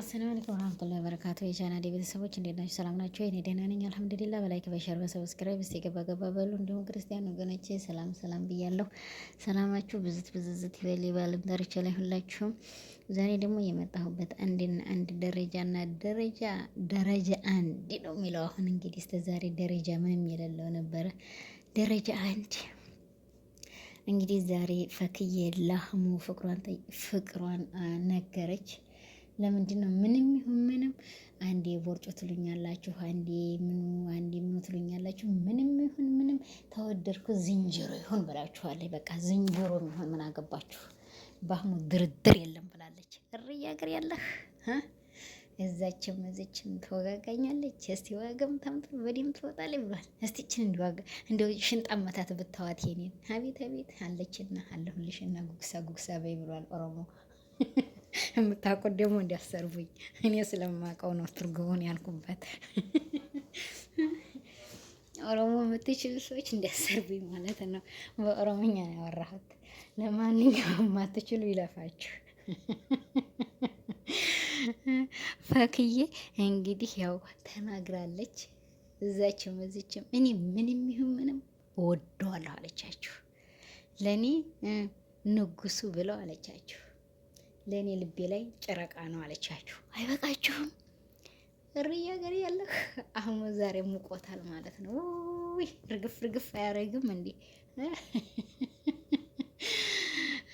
አሰላሙ አለይኩም ወራህመቱላሂ ወበረካቱ። የቻናሌ ቤተሰቦች እንዴት ናችሁ? ሰላም ናችሁ? እኔ ደህና ነኝ አልሐምዱሊላህ። በላይክ በሸር በሰብስክራይብ እስቲ ገባ ገባ በሉ። እንዲሁም ክርስቲያን ወገኖቼ ሰላም ሰላም ብያለሁ። ሰላማችሁ ብዝት ብዝዝት ይበል ይባልም ዳርቻ ላይ ሁላችሁም። ዛሬ ደግሞ የመጣሁበት አንድና አንድ ደረጃ እና ደረጃ ደረጃ አንድ ነው የሚለው አሁን እንግዲህ እስከ ዛሬ ደረጃ ምንም የሌለው ነበረ ደረጃ አንድ እንግዲህ ዛሬ ፈክዬ ላህሙ ፍቅሯን ነገረች ለምንድን ነው ምንም ይሁን ምንም አንዴ ቦርጮ ትሉኛላችሁ፣ አንዴ ምኑ አንዴ ምኑ ትሉኛላችሁ። ምንም ይሁን ምንም ተወደድኩ ዝንጀሮ ይሁን ብላችኋለች። በቃ ዝንጀሮ ይሁን ምን አገባችሁ? በአሁኑ ድርድር የለም ብላለች። እሪ አገር ያለህ እዛችም እዚችም ትወጋጋኛለች። እስቲ ዋገም ታምጥ በዲም ትወጣል ብሏል። እስቲችን እንዲዋጋ እንደው ሽንጣ መታት ብታዋት የኔን አቤት አቤት አለችና አለሁልሽና ጉግሳ ጉግሳ በይ ብሏል ኦሮሞ የምታውቁት ደግሞ እንዲያሰርቡኝ እኔ ስለማውቀው ነው ትርጉሙን ያልኩበት። ኦሮሞ የምትችሉ ሰዎች እንዲያሰርቡኝ ማለት ነው። በኦሮሞኛ ነው ያወራሁት። ለማንኛውም ማትችሉ ይለፋችሁ። ፈክዬ እንግዲህ ያው ተናግራለች። እዛችም እዚችም እኔ ምንም ይሁን ምንም እወደዋለሁ አለቻችሁ። ለእኔ ንጉሱ ብለው አለቻችሁ። ለእኔ ልቤ ላይ ጨረቃ ነው አለቻችሁ። አይበቃችሁም? እርያ ገር ያለህ አሁን ዛሬ ሙቆታል ማለት ነው። ውይ ርግፍ ርግፍ አያረግም እንዴ?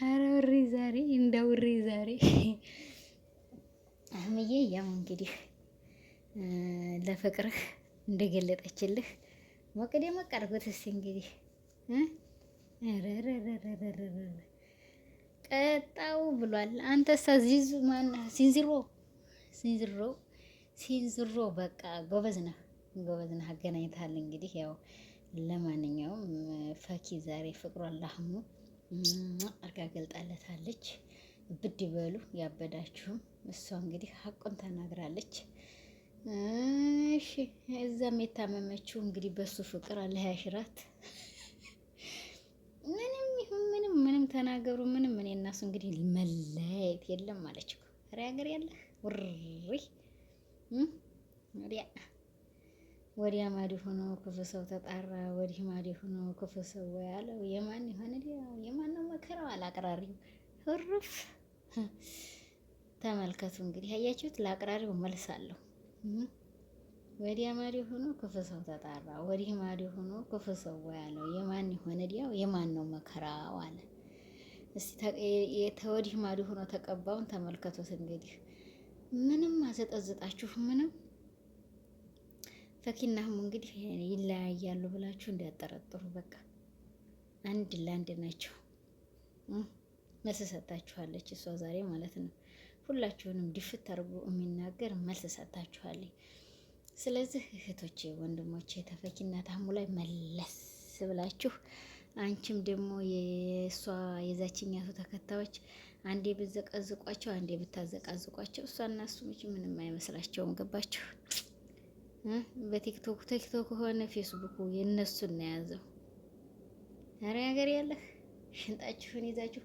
አረ ውሪ ዛሬ እንደ ውሪ ዛሬ አህምዬ፣ ያው እንግዲህ ለፍቅርህ እንደገለጠችልህ ሞቅዴ ሞቅ አድርጎት እስኪ እንግዲህ ቀጣው ብሏል። አንተ ዚዙ ማና ሲንዝሮ ሲንዝሮ ሲንዝሮ በቃ ጎበዝና ጎበዝና አገናኝታል። እንግዲህ ያው ለማንኛውም ፈኪ ዛሬ ፍቅሯን ላህሙ አርጋ ገልጣለታለች። ብድ በሉ ያበዳችሁም። እሷ እንግዲህ ሀቁን ተናግራለች። እሺ እዛም የታመመችው እንግዲህ በሱ ፍቅር አለ ያሽራት ተናገሩ ምንም እኔ እና እንግዲህ መለያየት የለም ማለች እኮ ኧረ ሀገር ያለ ውሪ ወዲያ ወዲያ ማዲ ሆኖ ክፉ ሰው ተጣራ፣ ወዲህ ማዲ ሆኖ ክፉ ሰው ያለው የማን ይሆን? የማን ነው መከራው? አላቅራሪው ህርፍ ተመልከቱ እንግዲህ አያችሁት። ለአቅራሪው መልስ አለው። ወዲያ ማዲ ሆኖ ክፉ ሰው ተጣራ፣ ወዲህ ማዲ ሆኖ ክፉ ሰው ያለው የማን ይሆን? የማን ነው መከራው አለ። እስቲ ተወዲህ ማዶ ሆኖ ተቀባውን ተመልከቱት። እንግዲህ ምንም አዘጠዝጣችሁ ምንም ፈኪናህም እንግዲህ ይለያያሉ ብላችሁ እንዲያጠረጥሩ በቃ አንድ ለአንድ ናቸው። መልስ ሰጥታችኋለች እሷ ዛሬ ማለት ነው። ሁላችሁንም ድፍት አድርጎ የሚናገር መልስ ሰጥታችኋለች። ስለዚህ እህቶቼ፣ ወንድሞቼ ተፈኪና ታሙ ላይ መለስ ብላችሁ አንቺም ደግሞ የእሷ የዛችኛቱ ተከታዮች አንዴ ብዘቀዝቋቸው አንዴ ብታዘቃዝቋቸው እሷና እሱ ምንም አይመስላቸውም። ገባችሁ? በቲክቶክ ቲክቶክ ሆነ ፌስቡኩ የእነሱን ነው የያዘው። ኧረ ሀገር ያለህ ሽንጣችሁን ይዛችሁ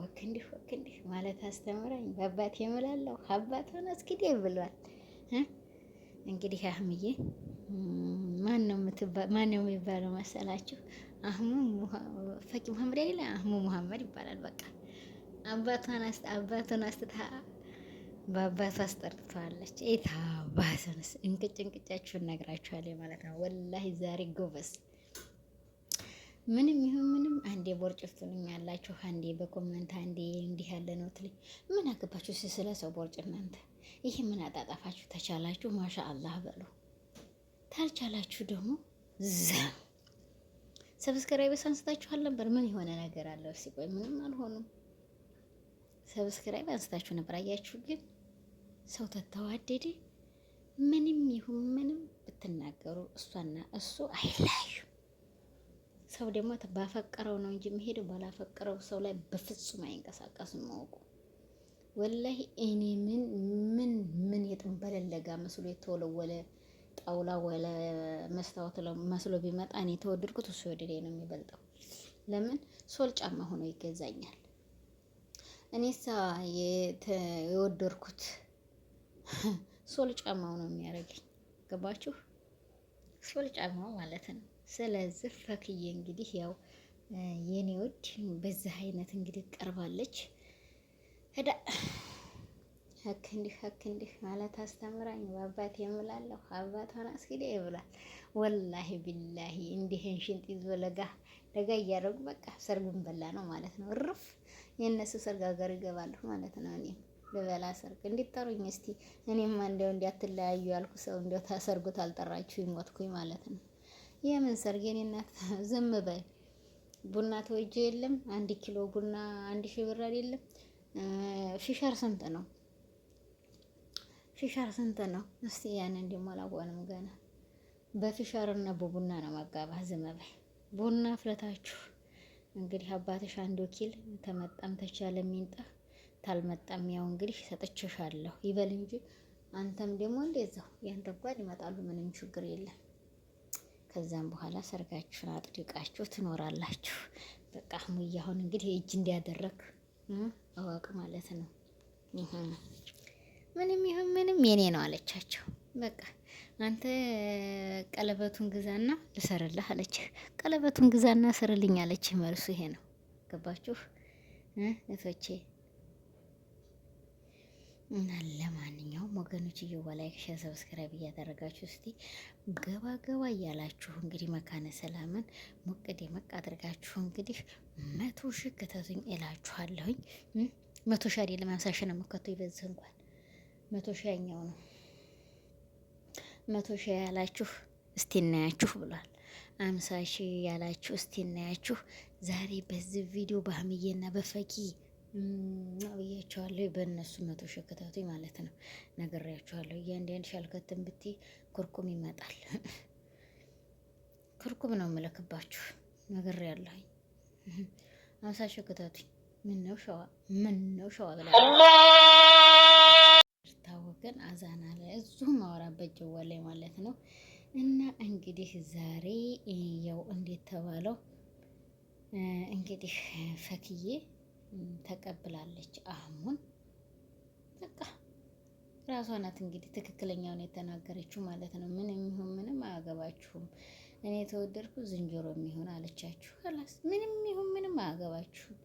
ወክ እንዲህ ወክ እንዲህ ማለት አስተምራኝ በአባቴ እምላለሁ አባት ሆነ እስኪ ብሏል። እንግዲህ አህምዬ ማን ነው የሚባለው መሰላችሁ? አህሙ ፈቂ መሐመድ አይደለ? አህሙ መሐመድ ይባላል። በቃ አባቷን አስ አባቷን አስተታ በአባቷ አስጠርተዋለች። ኤታ አባቷንስ እንቅጭ እንቅጫችሁን ነግራችኋለሁ ማለት ነው። ወላሂ ዛሬ ጎበዝ ምንም ይሁን ምንም አንዴ ቦርጭ ፍቱልኝ ያላችሁ አንዴ በኮመንት አንዴ እንዲህ ያለ ነው ትልኝ። ምን አገባችሁ ስለ ሰው ቦርጭ እናንተ? ይሄ ምን አጣጣፋችሁ? ተቻላችሁ ማሻ አላህ በሉ። ታልቻላችሁ ደግሞ ዘም ሰብስክራይብ አንስታችኋል ነበር። ምን የሆነ ነገር አለ? እስኪ ቆይ ምንም አልሆኑም። ሰብስክራይብ አንስታችሁ ነበር አያችሁ። ግን ሰው ተተዋደደ። ምንም ይሁን ምንም ብትናገሩ እሷና እሱ አይለያዩ። ሰው ደግሞ ባፈቀረው ነው እንጂ የሚሄደው ባላፈቀረው ሰው ላይ በፍጹም አይንቀሳቀስም። ማወቁ ወላሂ እኔ ምን ምን ምን የጥንበለለጋ መስሎ የተወለወለ ጣውላ ወለ መስታወት መስሎ ቢመጣ እኔ ተወደድኩት እሱ ላይ ነው የሚበልጠው። ለምን ሶል ጫማ ሆኖ ይገዛኛል። እኔሳ የወደድኩት ሶል ጫማው ነው የሚያደርግኝ። ገባችሁ? ሶል ጫማው ማለት ነው። ስለዚህ ፈክዬ እንግዲህ ያው የኔ ወድ በዚህ አይነት እንግዲህ ቀርባለች ሄዳ ሀክ እንዲህ ሀክ እንዲህ ማለት አስተምራኝ በአባት የምላለሁ አባት ሆነ አስኪደ ይብላል። ወላሂ ቢላሂ እንዲህን ሽንጥ ይዞ ለጋ ለጋ እያደረጉ በቃ ሰርጉን በላ ነው ማለት ነው። እርፍ የእነሱ ሰርግ ሀገር ይገባሉ ማለት ነው። እኔ ልበላ ሰርግ እንዲጠሩኝ እስቲ እኔማ እንዲያው እንዲያትለያዩ ያልኩ ሰው እንዲያው ታሰርጉት አልጠራችሁ ይሞትኩኝ ማለት ነው። የምን ሰርግ የኔ እናት ዝም በይ። ቡና ተወጀ የለም አንድ ኪሎ ቡና አንድ ሺህ ብር አይደለም ፊሸር ስንት ነው? ፊሻር ስንት ነው? እስቲ ያንን ደግሞ አላወንም ገና። በፊሻርና በቡና ነው መጋባት። ዝም በይ ቡና ፍለታችሁ እንግዲህ አባትሽ አንድ ወኪል ተመጣም ተቻለ የሚንጣ ታልመጣም ያው እንግዲህ ሰጥቼሻለሁ ይበል እንጂ አንተም ደግሞ እንደዛው ያንተ ጓድ ይመጣሉ። ምንም ችግር የለም። ከዛም በኋላ ሰርጋችሁን አጥድቃችሁ ትኖራላችሁ። በቃ ሙያሁን እንግዲህ እጅ እንዲያደረግ እወቅ ማለት ነው። ምንም ይሁን ምንም የኔ ነው አለቻቸው። በቃ አንተ ቀለበቱን ግዛና ልሰርልህ አለች። ቀለበቱን ግዛና ስርልኝ አለች። መልሱ ይሄ ነው። ገባችሁ እቶቼ? እና ለማንኛውም ወገኖች እየዋ ላይክ፣ ሸር፣ ሰብስክራይብ እያደረጋችሁ እስቲ ገባ ገባ እያላችሁ እንግዲህ መካነ ሰላምን ሞቅ ደመቅ አድርጋችሁ እንግዲህ መቶ ሺህ ክተቱኝ እላችኋለሁኝ። መቶ ሺህ አይደለም ሃምሳ ሺህ ነው የምከቱ። ይበዝህ እንኳን መቶ ሺያኛው ነው። መቶ ሺያ ያላችሁ እስቲ እናያችሁ ብሏል። አምሳ ሺህ ያላችሁ እስቲ እናያችሁ። ዛሬ በዚህ ቪዲዮ በአህምዬና በፈኪ ብያቸዋለሁ። በእነሱ መቶ ሺህ ክተቱኝ ማለት ነው። ነግሬያቸዋለሁ። እያንዳንድ ሻልከትን ብቲ ኩርኩም ይመጣል። ኩርኩም ነው የምልክባችሁ። ነግሬያለሁኝ። አምሳ ሺህ ክተቱኝ። ምን ነው ሸዋ ምን ነው ሸዋ ብላ ግን አዛና ላይ እዚሁ ማወራበት ጀዋ ላይ ማለት ነው። እና እንግዲህ ዛሬ ያው እንዴት ተባለው እንግዲህ ፈክዬ ተቀብላለች አህሙን። በቃ ራሷ ናት እንግዲህ ትክክለኛውን የተናገረችው ማለት ነው። ምን የሚሆን ምንም አያገባችሁም፣ እኔ የተወደድኩ ዝንጀሮ የሚሆን አለቻችሁ። ላስ ምንም ይሁን ምንም አያገባችሁም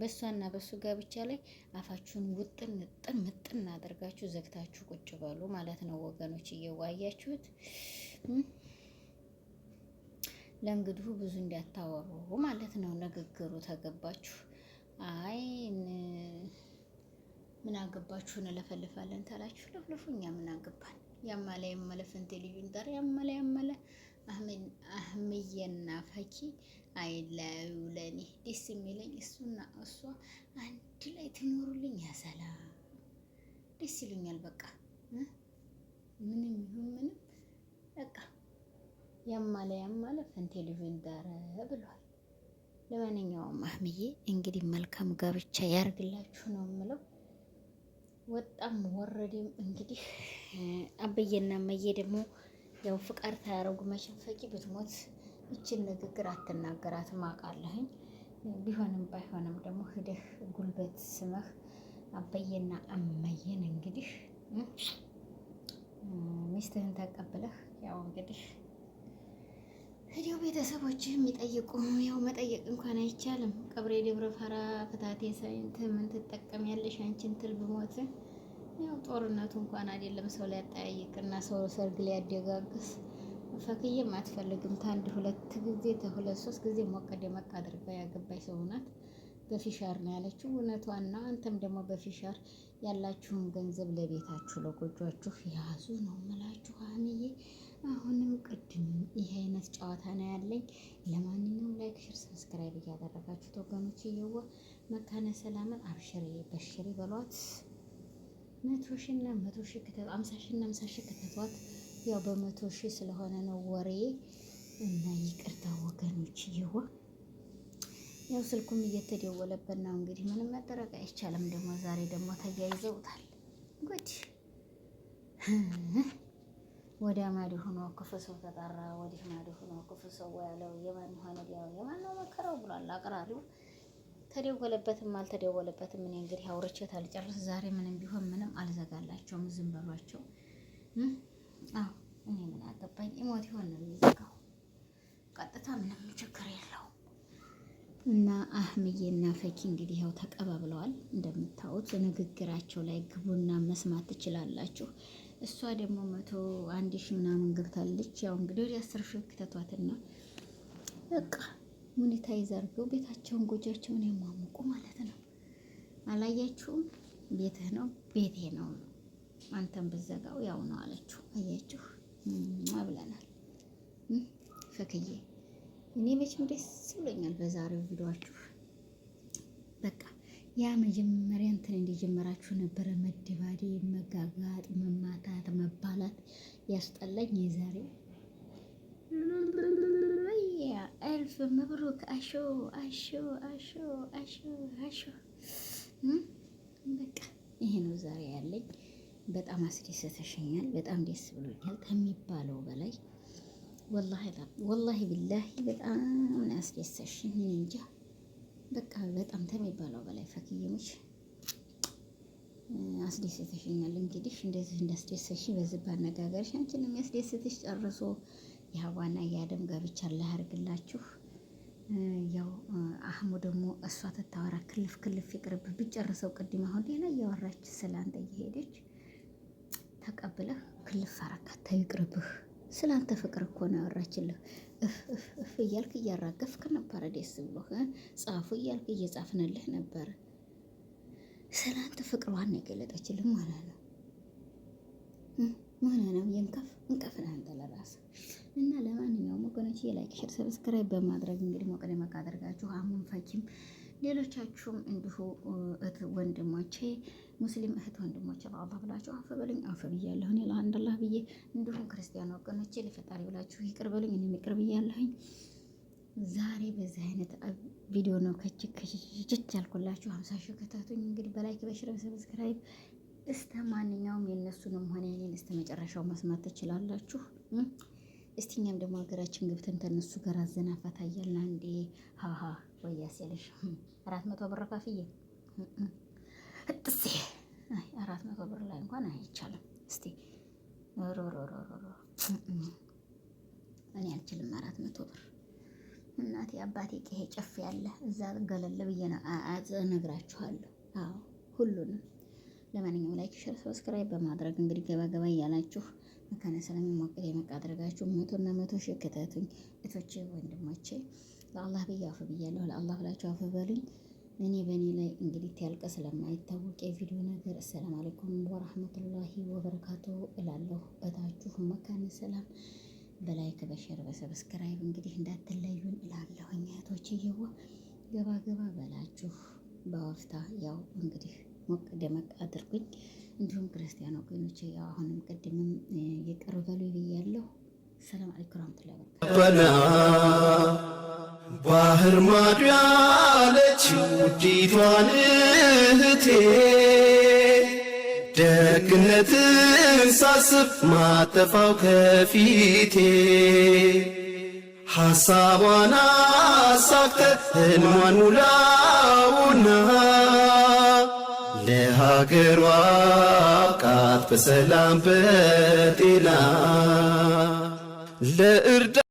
በእሷና በእሱ ጋብቻ ላይ አፋችሁን ውጥን ምጥን ምጥን አድርጋችሁ ዘግታችሁ ቁጭ በሉ ማለት ነው ወገኖች። እየዋያችሁት ለእንግዲሁ ብዙ እንዲያታወሩ ማለት ነው ንግግሩ። ተገባችሁ? አይ ምን አገባችሁ እንለፈልፋለን ታላችሁ ለፍልፉ። እኛ ምን አገባን? ያማላ ያመለ ፈንቴ ልዩን ጠር ያማላ ያመለ አህምዬና ፈኪ አይለያዩ። ለእኔ ደስ የሚለኝ እሱና እሷ አንድ ላይ ትኖሩልኝ ያሰላ ደስ ይሉኛል። በቃ ምንም ይሁን ምንም በቃ ያማለ ያማለ ፈንቴ ልጁን ዳረ ብሏል። ለማንኛውም አህምዬ እንግዲህ መልካም ጋብቻ ያርግላችሁ ነው የምለው። ወጣም ወረዴም እንግዲህ አበየና መዬ ደግሞ ያው ፍቃድ ታያረጉ መቼም ፈቂ ብትሞት ይችን ንግግር አትናገራትም አውቃለሁኝ። ቢሆንም ባይሆንም ደግሞ ሂደህ ጉልበት ስመህ አበየና አመየን እንግዲህ ሚስትህን ተቀብለህ ያው እንግዲህ እዲው ቤተሰቦች የሚጠይቁ ያው መጠየቅ እንኳን አይቻልም። ቀብሬ ደብረ ፈራ ፍታቴ ሳይንት ምን ትጠቀሚያለሽ አንቺን ትል ብሞት ያው ጦርነቱ እንኳን አይደለም ሰው ሊያጠያይቅና ሰው ሰርግ ሊያደጋግስ ፈክዬም አትፈልግም። ከአንድ ሁለት ጊዜ ተሁለት ሶስት ጊዜ ሞቀ ደመቅ አድርጋ ያገባች ሰው ናት። በፊሻር ነው ያለችው እውነቷና፣ አንተም ደግሞ በፊሻር ያላችሁን ገንዘብ ለቤታችሁ ለጎጇችሁ ያዙ ነው የምላችሁ። አንዬ አሁንም ቅድም ይህ አይነት ጨዋታ ነው ያለኝ። ለማንኛውም ላይክ፣ ሽር፣ ሰብስክራይብ እያደረጋችሁ ተወገኖች እየዋ መካነ ሰላምን አብሽሬ በሽሬ በሏት። መቶ ሺና መቶ ሺ ክተት አምሳ ሺና አምሳ ሺ ክተቷት። ያው በመቶ ሺ ስለሆነ ነው ወሬ እና ይቅርታ ወገኖች ይዋ ያው ስልኩም እየተደወለበት ነው እንግዲህ ምንም መጠረቅ አይቻልም። ደግሞ ዛሬ ደግሞ ተያይዘውታል። ጉድ ወደ ማዶ ሆኖ ክፉ ሰው ተጠራ፣ ወዲህ ማዶ ሆኖ ክፉ ሰው ያለው የማን ሆነ ያው የማን ነው መከረው ብሏል አቅራሪው። ተደወለበትም አልተደወለበትም እኔ እንግዲህ አውርቼት ታልጨርስ ዛሬ ምንም ቢሆን ምንም አልዘጋላቸውም። ዝም በሏቸው። አዎ እኔ ምን አገባኝ። ሞት ይሆን ነው የሚዘጋው ቀጥታ፣ ምንም ችግር የለውም። እና አህምዬና ፈኪ እንግዲህ ያው ተቀባብለዋል። እንደምታዩት ንግግራቸው ላይ ግቡና መስማት ትችላላችሁ። እሷ ደግሞ መቶ አንድ ሺህ ምናምን ገብታለች። ያው እንግዲህ ወደ አስር ሺህ ክተቷትና በቃ ሙኒታ አድርገው ቤታቸውን ጎጆቸውን ያሟሙቁ ማለት ነው። አላያችሁም? ቤትህ ነው ቤቴ ነው አንተን ብዘጋው ያው ነው አለችው። አያችሁ አብለናል ፈክዬ። እኔ መቼም ደስ ብሎኛል በዛሬው ቪዲዮችሁ። በቃ ያ መጀመሪያ እንትን እንደጀመራችሁ ነበረ መደባዴ መጋጋጥ፣ መማታት፣ መባላት ያስጠላኝ የዛሬው እልፍ መብሩክ አሾ አሾ አሾ አሾ አሾ። በቃ ይሄ ነው ዛሬ ያለኝ። በጣም አስደሰተሽኛል። በጣም ደስ ብሎኛል ከሚባለው በላይ ወላሂ ቢላሂ በጣም አስደሰሽኝ። እንጃ በቃ በጣም ከሚባለው በላይ ፈክየኖች አስደሰተሽኛል። እንግዲህ እንደዚህ እንዳስደሰሽ በዚህ ባነጋገርሽ አንቺን የሚያስደስትሽ ጨርሶ የሀዋና የአደም ጋብቻ ላያርግላችሁ። ያው አህሙ ደግሞ እሷ ትታወራ ክልፍ ክልፍ ይቅርብ ብጨርሰው ቅድም አሁን ሌላ እያወራች ስላንተ እየሄደች ተቀብለህ ክልፍ አረካት። ተው ይቅርብህ። ስላንተ ፍቅር እኮ ነው ያወራችልህ። እፍ እያልክ እያራገፍክ ነበረ። ደስ ብሎህ ጻፉ እያልክ እየጻፍንልህ ነበረ። ስላንተ ፍቅሯን ነው የገለጠችልህ ማለት ነው። ምን ነው የእንቀፍ እንቀፍ ለአንተ ለራስህ እና ለማንኛውም ወገኖች የላይክ ሼር ሰብስክራይብ በማድረግ እንግዲህ ሞቅ ደመቅ አሁን ፈኪም ሌሎቻችሁም እንዲሁ እህት ወንድሞቼ ሙስሊም እህት ወንድሞቼ ለአላህ ብላችሁ አፍ በሉኝ። አፍ ብያለሁ እኔ ለአንድላህ ብዬ፣ እንዲሁም ክርስቲያን ወገኖቼ ለፈጣሪ ብላችሁ ይቅር በሉኝ፣ እኔም ይቅር ብያለሁኝ። ዛሬ በዚህ አይነት ቪዲዮ ነው ከች ከችችች ያልኩላችሁ። ሀምሳ ሺህ ከታቱኝ እንግዲህ በላይክ በሽር በሰብስክራይብ እስተ ማንኛውም የእነሱንም ሆነ የኔን እስተ መጨረሻው መስማት ትችላላችሁ። እስቲ እኛም ደግሞ ሀገራችን ገብተን ተነሱ ጋር አዘናፈታ እያልን አንዴ ሀሀ ወያስ ያለሽ አራት መቶ ብር ከፍዬ እጥሴ አራት መቶ ብር ላይ እንኳን አይቻልም። እስቲ ሮሮሮሮሮ እኔ አልችልም አራት መቶ ብር እናቴ አባቴ ቄሄ ጨፍ ያለ እዛ ገለለ ብዬ እነግራችኋለሁ። አዎ ሁሉንም ለማንኛውም ላይክ፣ ሸር፣ ሰብስክራይብ በማድረግ እንግዲህ ገባ ገባ እያላችሁ መካነ ሰላም ሞቅል የመቃ አድርጋችሁ መቶና መቶ ሺህ ክተቱኝ። እቶቼ ወንድሞቼ፣ ለአላህ ብዬ አፍ ብያለሁ። ለአላህ ብላችሁ አፍ በሉኝ። እኔ በእኔ ላይ እንግዲህ ያልቀ ስለማይታወቅ የቪዲዮ ነገር አሰላም አለይኩም ወራህመቱላሂ ወበረካቱ እላለሁ። እታችሁ መካነ ሰላም በላይክ በሸር በሰብስክራይብ እንግዲህ እንዳትለዩን እላለሁ። እህቶቼ የዋ ገባ ገባ በላችሁ በወፍታ ያው እንግዲህ ሞቅ ደመቅ አድርጉኝ። እንዲሁም ክርስቲያን ወገኖቼ ያው አሁንም ቅድምም የቀሩ በሉ ብያለሁ። ሰላም አለይኩም ረመቱላ በረካቱና ባህር ማዶ ያለች ውዲቷን እህቴ ደግነትን ሳስብ ማጠፋው ከፊቴ ሐሳቧን አሳክተ ህልሟን ሙላውና ሀገሯ አብቃት በሰላም በጤና ለእርዳ